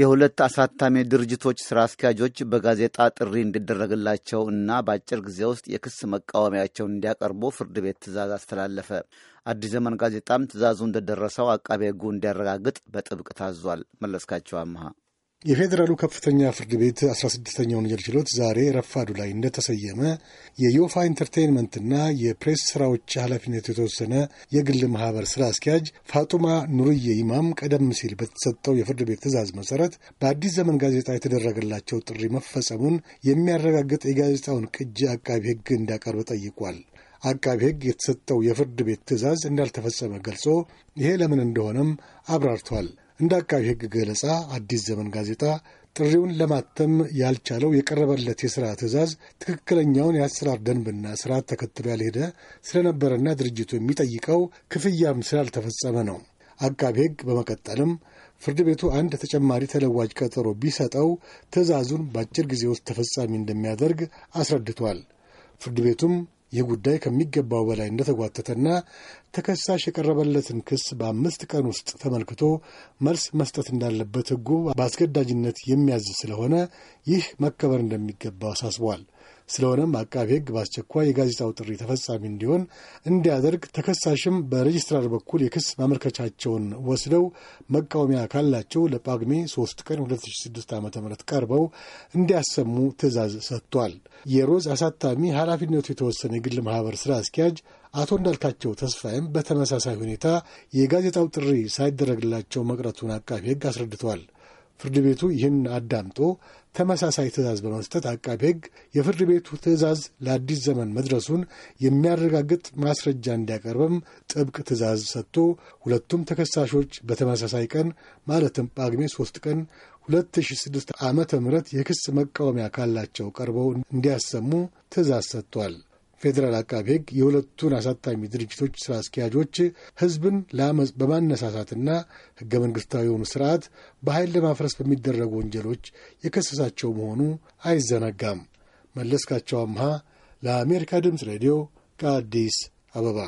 የሁለት አሳታሚ ድርጅቶች ሥራ አስኪያጆች በጋዜጣ ጥሪ እንዲደረግላቸው እና በአጭር ጊዜ ውስጥ የክስ መቃወሚያቸውን እንዲያቀርቡ ፍርድ ቤት ትዕዛዝ አስተላለፈ። አዲስ ዘመን ጋዜጣም ትእዛዙ እንደደረሰው አቃቤ ሕጉ እንዲያረጋግጥ በጥብቅ ታዟል። መለስካቸው አመሃ የፌዴራሉ ከፍተኛ ፍርድ ቤት 16 ኛውን ወንጀል ችሎት ዛሬ ረፋዱ ላይ እንደተሰየመ የዮፋ ኢንተርቴንመንትና የፕሬስ ስራዎች ኃላፊነት የተወሰነ የግል ማህበር ስራ አስኪያጅ ፋጡማ ኑርዬ ኢማም ቀደም ሲል በተሰጠው የፍርድ ቤት ትዕዛዝ መሰረት በአዲስ ዘመን ጋዜጣ የተደረገላቸው ጥሪ መፈጸሙን የሚያረጋግጥ የጋዜጣውን ቅጂ አቃቢ ህግ እንዲያቀርብ ጠይቋል። አቃቢ ህግ የተሰጠው የፍርድ ቤት ትዕዛዝ እንዳልተፈጸመ ገልጾ ይሄ ለምን እንደሆነም አብራርቷል። እንደ አቃቢ ሕግ ገለጻ አዲስ ዘመን ጋዜጣ ጥሪውን ለማተም ያልቻለው የቀረበለት የሥራ ትዕዛዝ ትክክለኛውን የአሰራር ደንብና ስርዓት ተከትሎ ያልሄደ ስለነበረና ድርጅቱ የሚጠይቀው ክፍያም ስላልተፈጸመ ነው። አቃቢ ሕግ በመቀጠልም ፍርድ ቤቱ አንድ ተጨማሪ ተለዋጅ ቀጠሮ ቢሰጠው ትዕዛዙን በአጭር ጊዜ ውስጥ ተፈጻሚ እንደሚያደርግ አስረድቷል። ፍርድ ቤቱም ይህ ጉዳይ ከሚገባው በላይ እንደተጓተተና ተከሳሽ የቀረበለትን ክስ በአምስት ቀን ውስጥ ተመልክቶ መልስ መስጠት እንዳለበት ሕጉ በአስገዳጅነት የሚያዝ ስለሆነ ይህ መከበር እንደሚገባው አሳስቧል። ስለሆነም አቃቢ ሕግ በአስቸኳይ የጋዜጣው ጥሪ ተፈጻሚ እንዲሆን እንዲያደርግ ተከሳሽም በሬጅስትራር በኩል የክስ ማመልከቻቸውን ወስደው መቃወሚያ ካላቸው ለጳግሜ 3 ቀን 2006 ዓ ም ቀርበው እንዲያሰሙ ትዕዛዝ ሰጥቷል። የሮዝ አሳታሚ ኃላፊነቱ የተወሰነ የግል ማህበር ስራ አስኪያጅ አቶ እንዳልካቸው ተስፋዬም በተመሳሳይ ሁኔታ የጋዜጣው ጥሪ ሳይደረግላቸው መቅረቱን አቃቢ ሕግ አስረድተዋል። ፍርድ ቤቱ ይህን አዳምጦ ተመሳሳይ ትእዛዝ በመስጠት አቃቢ ሕግ የፍርድ ቤቱ ትእዛዝ ለአዲስ ዘመን መድረሱን የሚያረጋግጥ ማስረጃ እንዲያቀርብም ጥብቅ ትእዛዝ ሰጥቶ ሁለቱም ተከሳሾች በተመሳሳይ ቀን ማለትም ጳጉሜ ሶስት ቀን 2006 ዓ ም የክስ መቃወሚያ ካላቸው ቀርበው እንዲያሰሙ ትእዛዝ ሰጥቷል። ፌዴራል አቃቢ ሕግ የሁለቱን አሳታሚ ድርጅቶች ስራ አስኪያጆች ህዝብን ለአመፅ በማነሳሳትና ህገ መንግስታዊውን ስርዓት በኃይል ለማፍረስ በሚደረጉ ወንጀሎች የከሰሳቸው መሆኑ አይዘነጋም። መለስካቸው አምሃ ለአሜሪካ ድምፅ ሬዲዮ ከአዲስ አበባ